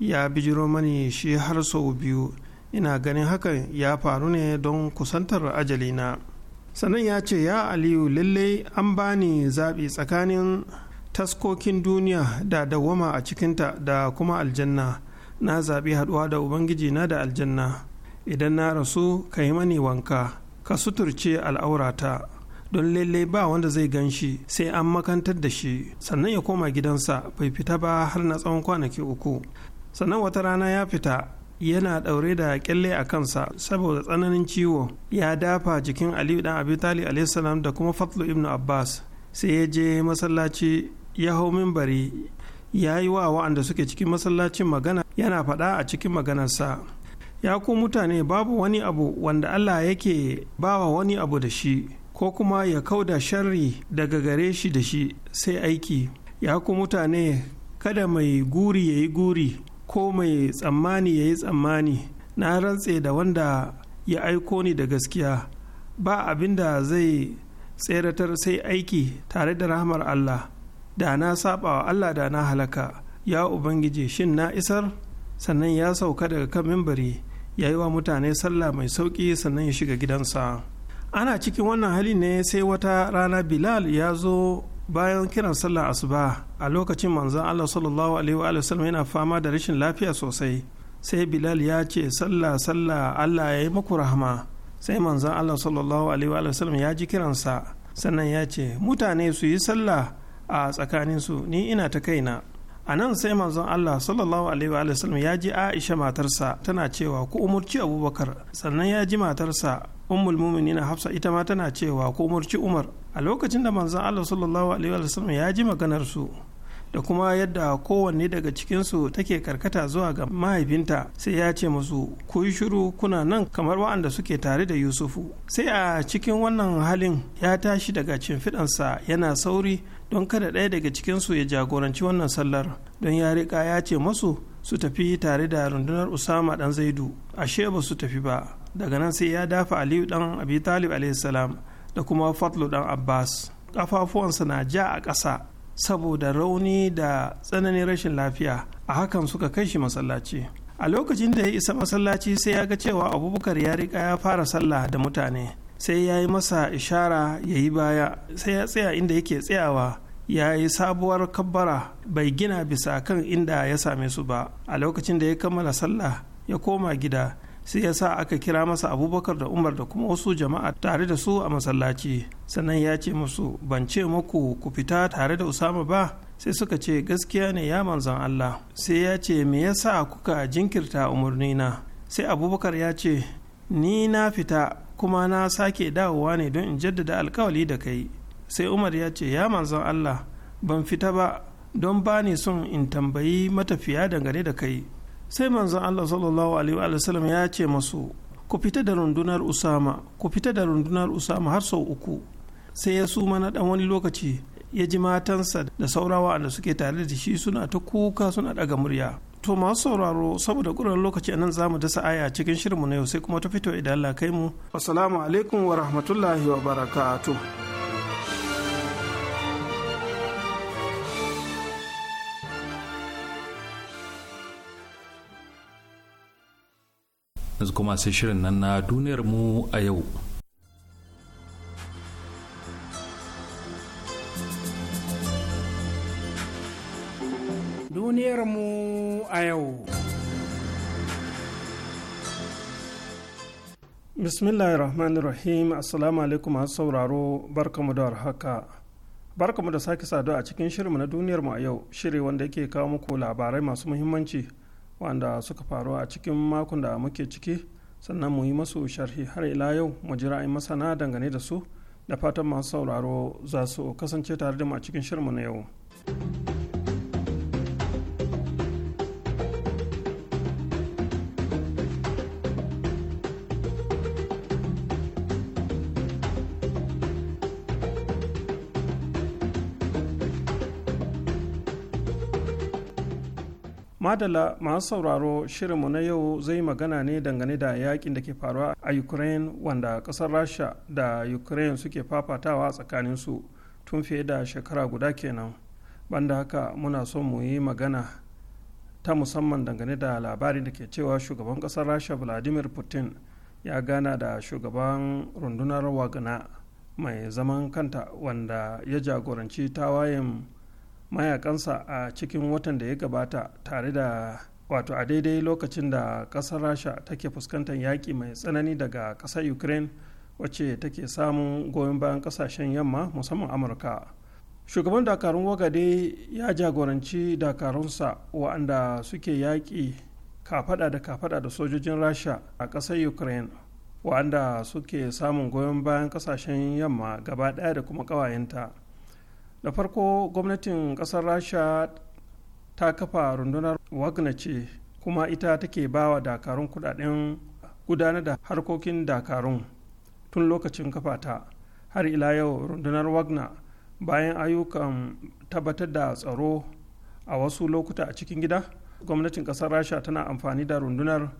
ya bijiro mani shi har sau biyu ina ganin hakan ya faru ne don kusantar ajalina sannan ya ce ya aliyu lalle an bani zaɓi tsakanin taskokin duniya da dawwama a cikinta da kuma aljanna na zaɓi haɗuwa da ubangiji na da aljanna idan na rasu ka yi mani wanka ka suturce al'aurata don lele ba wanda zai gan shi sai an makantar da shi sannan ya koma gidansa bai fita ba har na tsawon kwanaki uku sannan wata rana ya fita yana daure da kyalle a kansa saboda tsananin ciwo ya dafa jikin aliyu dan abi talib alaihissalam da kuma fatlu ibnu abbas sai ya je masallaci ya hau mimbari ya yi wa wa'anda suke cikin masallacin magana yana faɗa a cikin maganarsa ya ku mutane babu wani abu wanda allah yake bawa wani abu da shi ko kuma ya kauda sharri daga gare shi da shi sai aiki ya ku mutane kada mai guri ya yi guri ko mai tsammani ya yi tsammani na rantse da wanda ya aiko ni da gaskiya ba abin da zai tseratar sai aiki tare da rahmar Allah da na saba wa Allah da na halaka ya ubangiji shin na isar sannan ya sauka daga kan mimbari ya yi wa mutane sallah mai sauƙi sannan ya shiga gidansa. ana cikin wannan hali ne sai wata rana bilal ya zo bayan kiran sallar asuba a lokacin manzan allah sallallahu alaihi wa yana fama da rashin lafiya sosai sai bilal ya ce sallah sallah allah ya yi maku rahama sai manzan allah sallallahu alaihi wa ya ji kiransa sannan ya ce mutane su yi sallah a tsakaninsu ni ina ta kaina a nan sai manzon Allah sallallahu alaihi wa sallam ya ji Aisha matarsa tana cewa ku umurci Abubakar sannan ya ji matarsa ummul mu'minin hafsa ita ma tana cewa ko murci umar a lokacin da manzon allah sallallahu alaihi wasallam ya ji maganar su da kuma yadda kowanne daga cikinsu take karkata zuwa ga mahaifinta sai ya ce musu ku yi shiru kuna nan kamar wa'anda suke tare da yusufu sai a cikin wannan halin ya tashi daga cin fidansa yana sauri don kada ɗaya daga cikinsu ya jagoranci wannan sallar don ya riƙa ya ce masu su tafi tare da rundunar usama ɗan zaidu ashe ba su tafi ba daga nan sai ya dafa aliyu dan abi talib alaihissalam da kuma fatlu dan abbas kafafuwansa na ja a ƙasa saboda rauni da tsananin rashin lafiya a hakan suka kai shi masallaci a lokacin da ya isa masallaci sai ya ga cewa abubakar ya riƙa ya fara sallah da mutane sai ya yi masa ishara ya yi baya sai ya tsaya inda yake tsayawa ya yi sabuwar kabbara bai gina bisa kan inda ya same su ba a lokacin da ya kammala sallah ya koma gida sai ya sa aka kira masa abubakar da umar da kuma wasu jama'a tare da su a masallaci sannan ya ce musu ban ce muku ku fita tare da usama ba sai suka ce gaskiya ne ya manzan allah sai ya ce me yasa kuka jinkirta umarni na. sai abubakar ya ce ni na fita kuma na sake dawowa ne don in jaddada alkawali da kai sai umar ya ce ya manzan allah ban fita ba don ba ni son in tambayi matafiya dangane da kai sai manzon Allah sallallahu alaihi wa sallam ya ce masu ku fita da rundunar Usama ku fita da rundunar Usama har sau uku sai ya suma na dan wani lokaci ya ji matansa da saurawa da suke tare da shi suna ta kuka suna daga murya to masu sauraro saboda kuran lokaci nan zamu mu dasa aya cikin shirinmu na yau sai kuma ta fito idan Allah kai mu assalamu alaikum wa rahmatullahi wa barakatuh yanzu kuma sai shirin nan na duniyar mu a yau duniyar mu a yau bismillahir rahmanir rahim assalamu alaikum masu sauraro barkamu da warhaka barkamu da sake saduwa a cikin shirin mu na duniyar mu a yau shiri wanda yake kawo muku labarai masu muhimmanci wanda suka faru a cikin makon da muke ciki sannan mu yi masu sharhi har ila yau mu jira masana dangane da su da fatan masu sauraro za su kasance tare da mu a cikin shirmu na yau. madala masu sauraro shirinmu na yau zai magana ne dangane da yakin da ke faruwa a ukraine wanda kasar rasha da ukraine suke fafatawa tsakaninsu tun fiye da shekara guda kenan banda haka muna son mu yi magana ta musamman dangane da labarin da ke cewa shugaban kasar rasha vladimir putin ya gana da shugaban rundunar wagana mai zaman kanta wanda ya jagoranci tawayen mayakansa a cikin watan da ya gabata tare da wato a daidai lokacin da ƙasar rasha take fuskantar yaƙi mai tsanani daga ƙasar ukraine wacce take samun goyon bayan ƙasashen yamma musamman amurka shugaban dakarun wagade ya jagoranci dakarunsa waɗanda suke yaƙi kafaɗa da kafaɗa da sojojin rasha a ƙasar ukraine waɗanda suke samun goyon bayan ƙasashen yamma gaba ɗaya da kuma ƙawayenta da farko gwamnatin kasar rasha ta kafa rundunar wagner ce kuma ita take bawa dakarun kudaden gudanar da harkokin dakarun tun lokacin kafa ta har ila yau rundunar wagner bayan ayyukan tabbatar da tsaro a wasu lokuta a cikin gida gwamnatin kasar rasha tana amfani da rundunar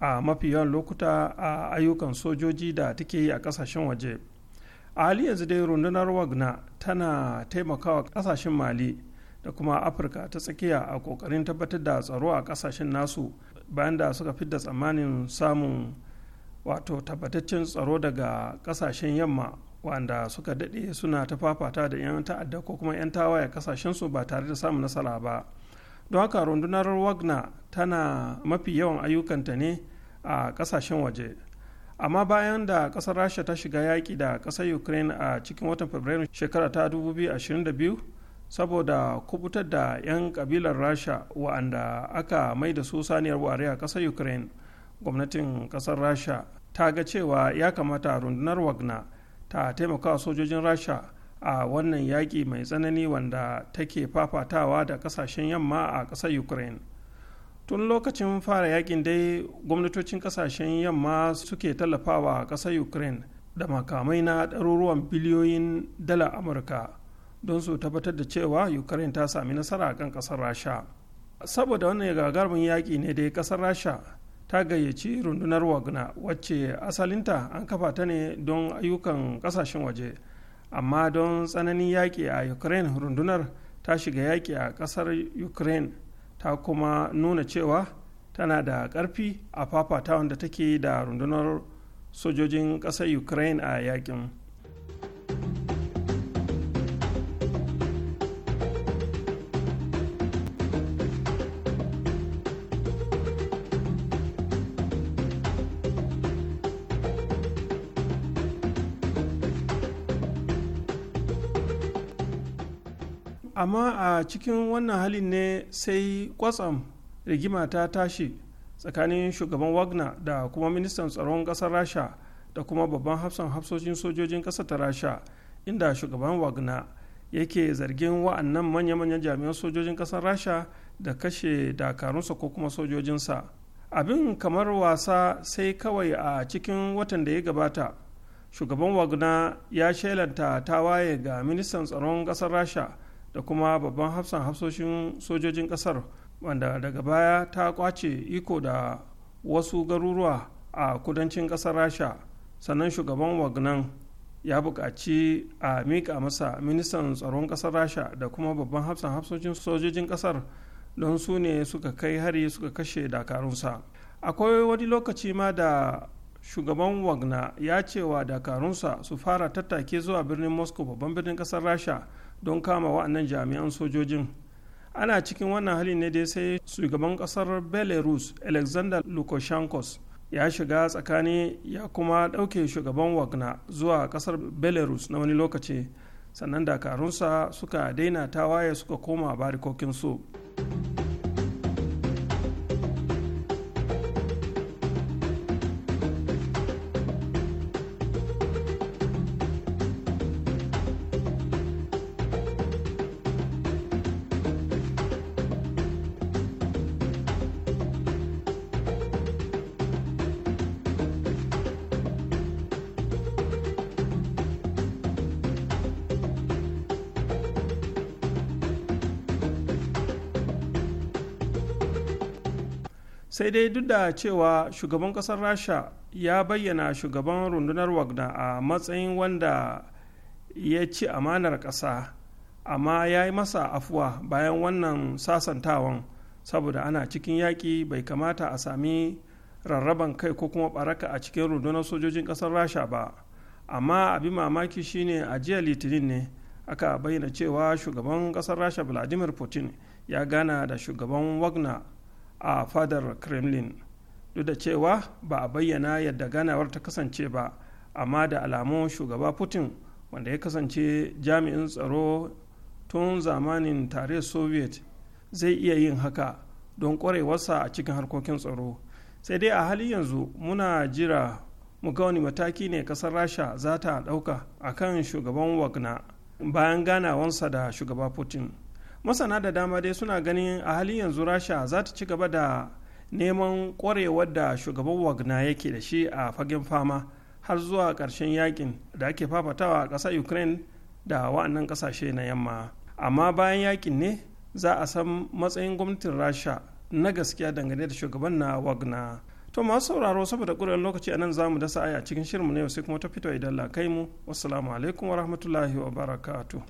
a mafi yawan lokuta a ayyukan sojoji da take yi a kasashen waje a hali yanzu dai rundunar wagner tana taimakawa kasashen mali da kuma afirka ta tsakiya a kokarin tabbatar da tsaro a kasashen nasu bayan da suka fi da tsammanin samun wato tabbataccen tsaro daga kasashen yamma wanda suka daɗe suna ta fafata da 'yan ta'adda ko kuma 'yan tawaye su ba tare da samun nasara ba don haka rundunar wagner tana mafi yawan ayyukanta ne a kasashen waje amma bayan da kasar rasha ta shiga yaƙi da ƙasar ukraine a cikin watan fabrairu shekara ta 2022 saboda kubutar da 'yan kabilar rasha wa'anda aka mai da su saniyar wari a ƙasar ukraine gwamnatin ƙasar rasha ta ga cewa ya kamata rundunar wagna ta taimaka sojojin rasha a wannan yaƙi mai tsanani wanda take fafatawa da kasashen yamma a ƙasar ukraine tun lokacin fara yakin dai gwamnatocin kasashen yamma suke tallafawa a ƙasar ukraine da makamai na ɗaruruwan biliyoyin dala amurka don su tabbatar da cewa ukraine ta sami nasara a kan ƙasar rasha saboda wannan gagarumin yaƙi ne dai ƙasar rasha ta gayyaci rundunar wagna wacce asalinta an kafa ta ne don ayyukan ƙasashen waje amma don tsananin yaƙi a ukraine rundunar ta shiga yaƙi a ƙasar ukraine ta kuma nuna cewa tana da ƙarfi a fafata da take da rundunar sojojin ƙasar ukraine a yakin. amma a cikin wannan halin ne sai kwatsam rigima ta tashi tsakanin shugaban wagner da kuma ministan tsaron ƙasar rasha da kuma babban hafsan hafsoshin sojojin ƙasar ta rasha inda shugaban wagner yake zargin wa'annan manya-manyan jami'an sojojin ƙasar rasha da kashe dakarunsa ko kuma sojojinsa abin kamar wasa sai kawai a cikin watan da ya gabata shugaban wagner ya shelanta waye ga ministan tsaron ƙasar rasha da kuma babban hafsan hafsoshin sojojin kasar wanda daga baya ta kwace iko da wasu garuruwa a kudancin kasar rasha sannan shugaban wagnan ya buƙaci a miƙa masa ministan tsaron ƙasar rasha da kuma babban hafsan hafsoshin sojojin ƙasar don su ne suka kai hari suka kashe dakarunsa akwai wani lokaci ma da shugaban wagna ya cewa dakarunsa su fara tattake zuwa birnin moscow babban birnin ƙasar rasha don kama wa'annan jami'an sojojin ana cikin wannan hali ne dai sai shugaban kasar belarus alexander lukashenkos ya shiga tsakani ya kuma ɗauke shugaban wagna zuwa kasar belarus na wani lokaci sannan dakarunsa suka daina tawaye suka koma barikokinsu. su sai dai duk da cewa shugaban kasar rasha ya bayyana shugaban rundunar wagner a matsayin wanda ya ci amanar ƙasa amma ya yi masa afuwa bayan wannan sasantawan saboda ana cikin yaƙi bai kamata a sami rarraban kai ko kuma baraka a cikin rundunar sojojin ƙasar rasha ba amma abin mamaki shine a jiya litinin ne aka bayyana cewa shugaban ƙasar rasha vladimir putin ya gana da shugaban wagner a fadar kremlin duk da cewa ba a bayyana yadda ganawar ta kasance ba amma da alamun shugaba putin wanda ya kasance jami'in tsaro tun zamanin tare soviet zai iya yin haka don kwarewarsa a cikin harkokin tsaro sai dai a halin yanzu muna jira mu wani mataki ne kasar rasha za ta ɗauka kan shugaban wagna bayan ganawansa da shugaba putin masana da dama dai suna ganin a halin yanzu rasha za ta ci gaba da neman kwarewar da shugaban wagna yake da shi a fagen fama har zuwa karshen yakin da ake fafatawa a ƙasar ukraine da wa'annan ƙasashe na yamma amma bayan yakin ne za a san matsayin gwamnatin rasha na gaskiya dangane da shugaban na wagna to masu sauraro saboda ƙuran lokaci anan zamu za mu dasa aya cikin shirinmu na yau sai kuma ta fito idan la kai mu wassalamu alaikum wa rahmatullahi wa barakatuh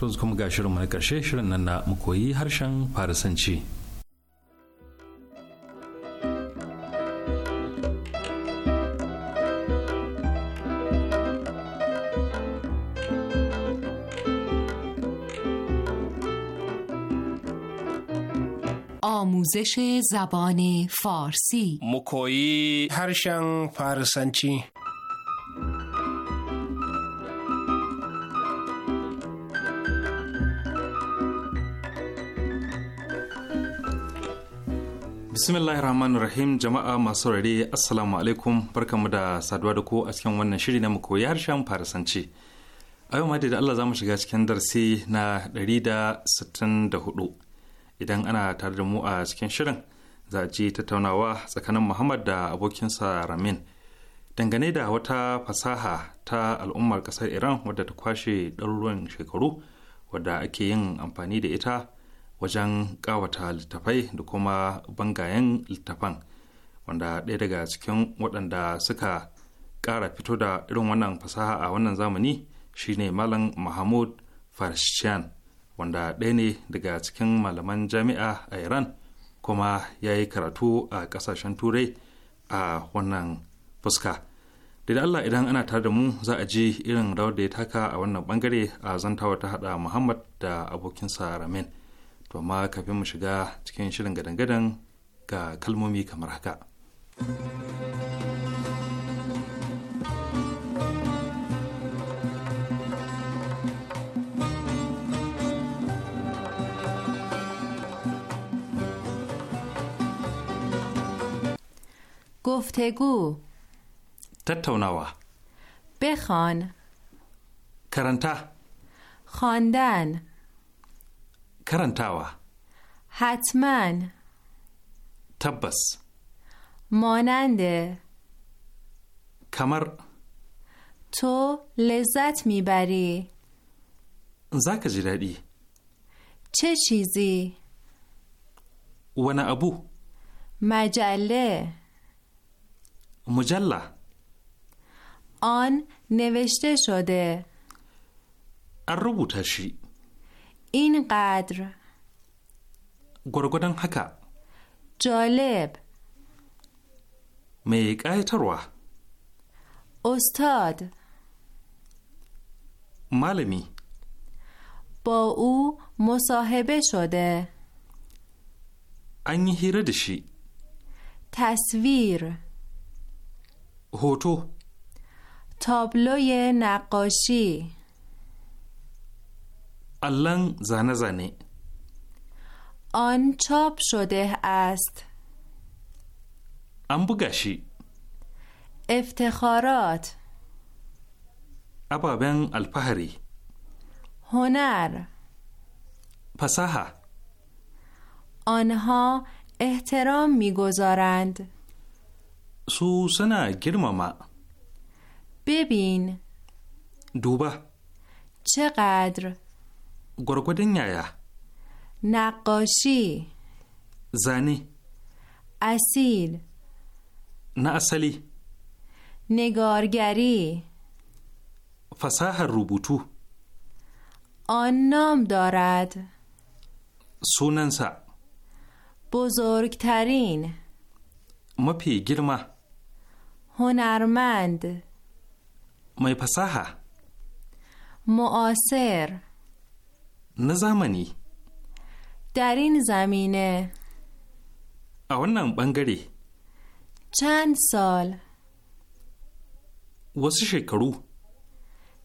to su kuma ga shirin na karshe shirin nan na mu koyi harshen farisanci آموزش زبان فارسی مکویی هرشن فارسنچی bismillahir rahmanir rahim jama'a masu rare assalamu alaikum barkamu da saduwa da ku a cikin wannan shiri na mu koyi harshen farisanci a yau da Allah za mu shiga cikin darasi na 164 idan ana tare da mu a cikin shirin za a ji tattaunawa tsakanin muhammad da abokinsa ramin dangane da wata fasaha ta al'ummar kasar iran wadda ta kwashe ɗaruruwan shekaru wadda ake yin amfani da ita wajen kawata littafai da kuma bangayen littafan wanda ɗaya daga cikin waɗanda suka ƙara fito da irin wannan fasaha a wannan zamani shine malam mahmud farshian wanda ɗaya ne daga cikin malaman jami'a a iran kuma ya yi karatu a ƙasashen turai a wannan fuska da allah idan ana tare da mu za a ji irin rawar da ya taka a wannan bangare a zantawa ta hada muhammad da abokinsa ramin to ma kafin mu shiga cikin shirin gadan-gadan ga kalmomi kamar haka گفتگو tattaunawa. بخوان کرنتا خواندن کرنتاوا حتما تبس مانند کمر تو لذت میبری زاک دادی چه چیزی؟ ون ابو مجله مجله آن نوشته شده الروبوتشی اینقدر گرگودن حکا جالب می استاد معلمی با او مصاحبه شده انگی هیره تصویر هوتو تابلوی نقاشی الان زنه زنه آن چاپ شده است ام بگشی افتخارات ابابن الپهری هنر پسها آنها احترام میگذارند سوسنا گرماما ببین دوبه چقدر گرگودن یایا نقاشی زنی اصیل نه اصلی نگارگری فساح روبوتو آن نام دارد سوننسا بزرگترین مپی گرما هنرمند می معاصر نزامنی در این زمینه اونم بنگری چند سال واسه شکرو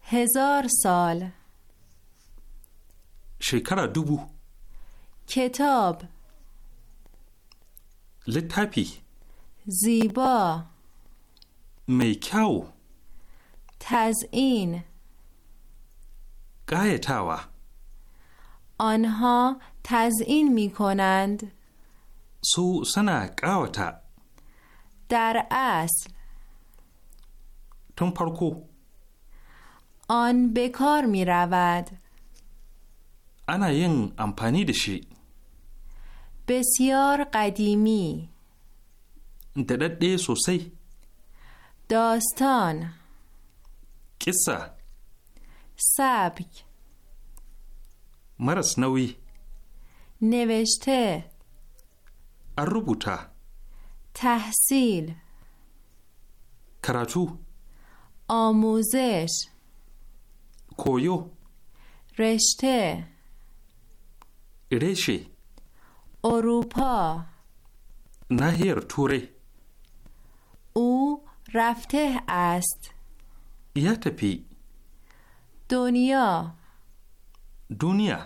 هزار سال شکر دوبو کتاب لطفی زیبا میکاو تزئین گایتاوه آنها تزئین می کنند سو سنا قاوتا در اصل تون پرکو آن به کار می رود انا ین امپانی دشی بسیار قدیمی دردی سوسی داستان قصه سبک مرس نوی نوشته اروبوته تحصیل کراتو آموزش کویو رشته رشی اروپا نهیر توره او رفته است یتپی دنیا دنیا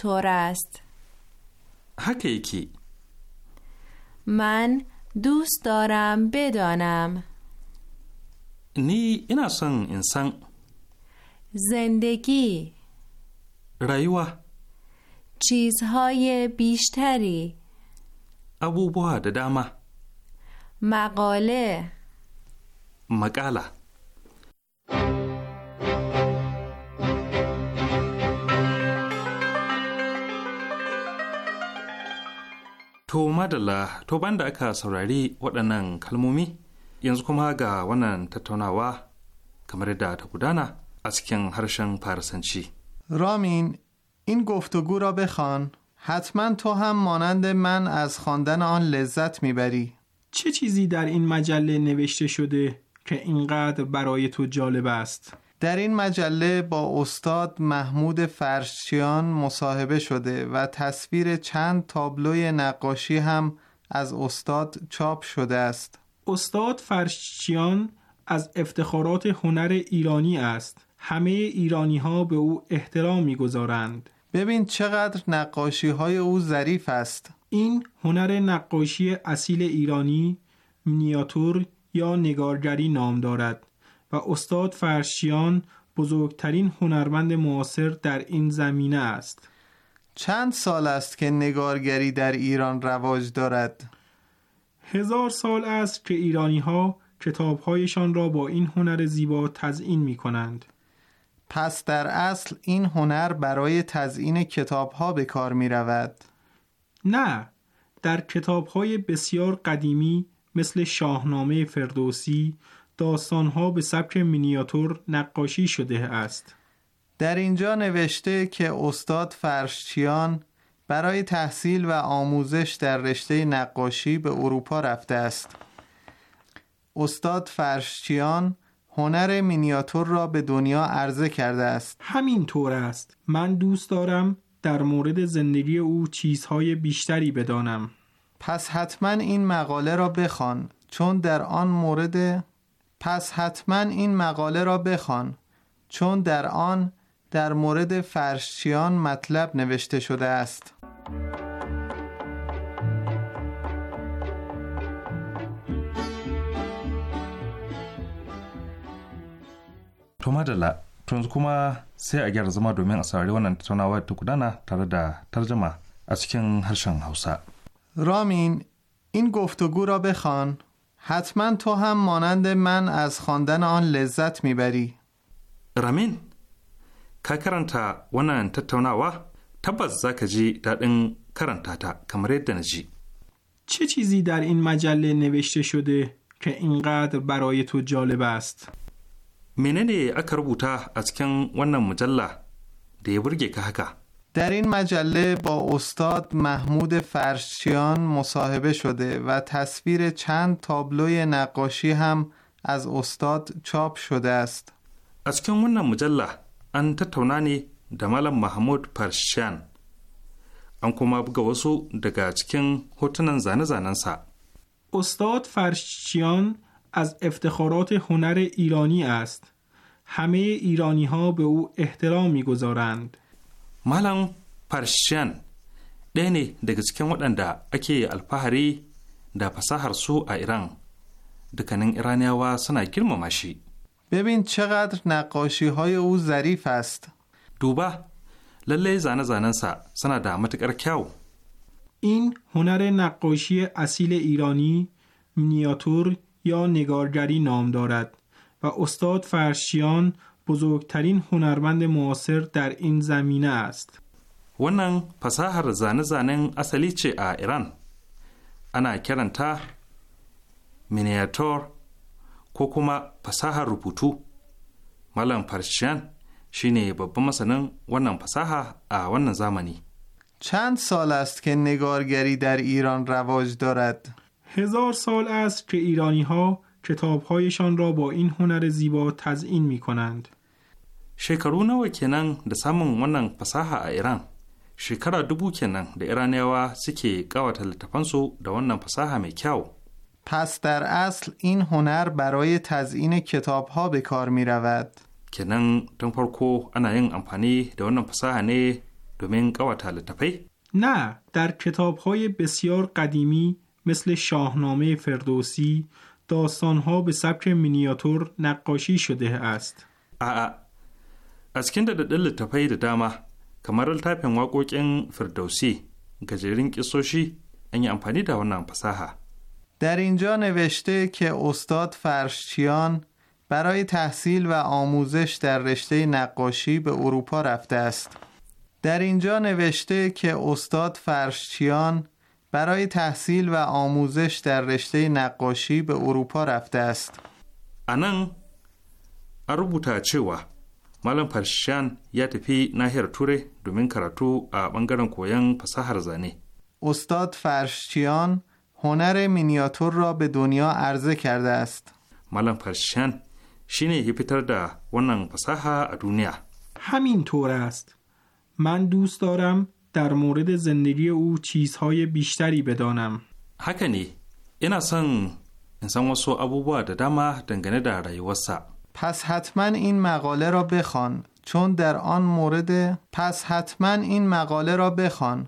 طور است حقیقی من دوست دارم بدانم نی اینا انسان زندگی رایوه چیزهای بیشتری ابوبوها ددامه مقاله مقاله To madalla to banda aka saurari waɗannan kalmomi yanzu kuma ga wannan tattaunawa kamar da ta gudana a cikin harshen Farisanci. رامین این گفتگو را بخوان حتما تو هم مانند من از خواندن آن لذت میبری چه چیزی در این مجله نوشته شده که اینقدر برای تو جالب است در این مجله با استاد محمود فرشچیان مصاحبه شده و تصویر چند تابلوی نقاشی هم از استاد چاپ شده است استاد فرشچیان از افتخارات هنر ایرانی است همه ایرانی ها به او احترام میگذارند ببین چقدر نقاشی های او ظریف است این هنر نقاشی اصیل ایرانی مینیاتور یا نگارگری نام دارد و استاد فرشیان بزرگترین هنرمند معاصر در این زمینه است چند سال است که نگارگری در ایران رواج دارد؟ هزار سال است که ایرانی ها کتابهایشان را با این هنر زیبا تزئین می کنند. پس در اصل این هنر برای تزئین کتابها به کار می رود؟ نه، در کتابهای بسیار قدیمی مثل شاهنامه فردوسی، ها به سبک مینیاتور نقاشی شده است در اینجا نوشته که استاد فرشچیان برای تحصیل و آموزش در رشته نقاشی به اروپا رفته است استاد فرشچیان هنر مینیاتور را به دنیا عرضه کرده است همین طور است من دوست دارم در مورد زندگی او چیزهای بیشتری بدانم پس حتما این مقاله را بخوان چون در آن مورد پس حتما این مقاله را بخوان چون در آن در مورد فرشچیان مطلب نوشته شده است To madalla, yanzu kuma sai a gyara zama domin a saurari wannan tattaunawa ta gudana tare da tarjuma a cikin harshen Hausa. Ramin, in گفتگو را بخوان. حتما تو هم مانند من از خواندن آن لذت میبری رامین کاکرانتا ونان تتونا و تباز زکجی در این کرانتا تا کمرید دنجی چه چیزی در این مجله نوشته شده که اینقدر برای تو جالب است؟ مننه اکربوتا از کن ونن مجله دیبرگی که هکا در این مجله با استاد محمود فرشچیان مصاحبه شده و تصویر چند تابلوی نقاشی هم از استاد چاپ شده است. از که اون مجله انت تونانی محمود محمود فرشیان. ام کما بگه kuma دگه از زنه cikin استاد فرشچیان از افتخارات هنر ایرانی است. همه ایرانی ها به او احترام میگذارند. مالم پرششین دیه نی دگه چیکین ونده اکی ی الفحری د فساحر سو ایران دوکنین ارأنیا و سونا گیرمما ببین چقدر نقاشیهای او ضریف است دوبه للی زن زن سنا د متوقر کیو این هنر نقاشی اصیل ایرانی مینیاتور یا نگارگری نام دارد و استاد فرشیان بزرگترین هنرمند معاصر در این زمینه است. wannan fasahar zane-zanen asali ce a Iran. Ana kiranta مینیاتور ko kuma fasahar rubutu. Malam Farshiyan shi babban masanin wannan fasaha چند سال است که نگارگری در ایران رواج دارد؟ هزار سال است که ایرانی ها کتاب هایشان را با این هنر زیبا تزئین می کنند. د پس در اصل این هنر برای تزین کتاب ها به کار می رود. فرکو انا این امپانی فساحه نه دومین نه، در کتاب های بسیار قدیمی مثل شاهنامه فردوسی داستان ها به سبک مینیاتور نقاشی شده است. آه a cikin daɗaɗɗun littattafai da dama kamar littafin waƙoƙin firdausi gajerun ƙisoshi an yi amfani da wannan fasaha در اینجا نوشته که استاد فرشچیان برای تحصیل و آموزش در رشته نقاشی به اروپا رفته است. در اینجا نوشته که استاد فرشچیان برای تحصیل و آموزش در رشته نقاشی به اروپا رفته است. آنان اروبوتا چوا malam farshan ya تفی nahiyar توره دومین کراتو ا bangaren koyon استاد فرشچیان هنر مینیاتور را به دنیا عرضه کرده است. مالم فرشچیان شینه یه پیتر دا ونن دنیا. همین طور است. من دوست دارم در مورد زندگی او چیزهای بیشتری بدانم. هکنی. این سن انسان واسو ابوبوا da دنگنه دنگنه da rayuwarsa. پس حتما این مقاله را بخوان چون در آن مورد پس حتما این مقاله را بخوان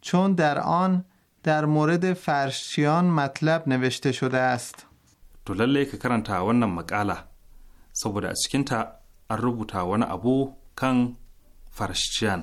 چون در آن در مورد فرشیان مطلب نوشته شده است to که ka karanta wannan makala saboda a تا an rubuta wani abu kan farshciyan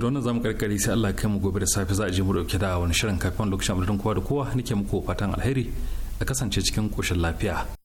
to da wannan zamu karkare sai Allah kai mu gobe da safe za a je mu dauke da wani shirin kafin lokacin abudin kowa da kowa nake muku fatan alheri a kasance cikin koshin lafiya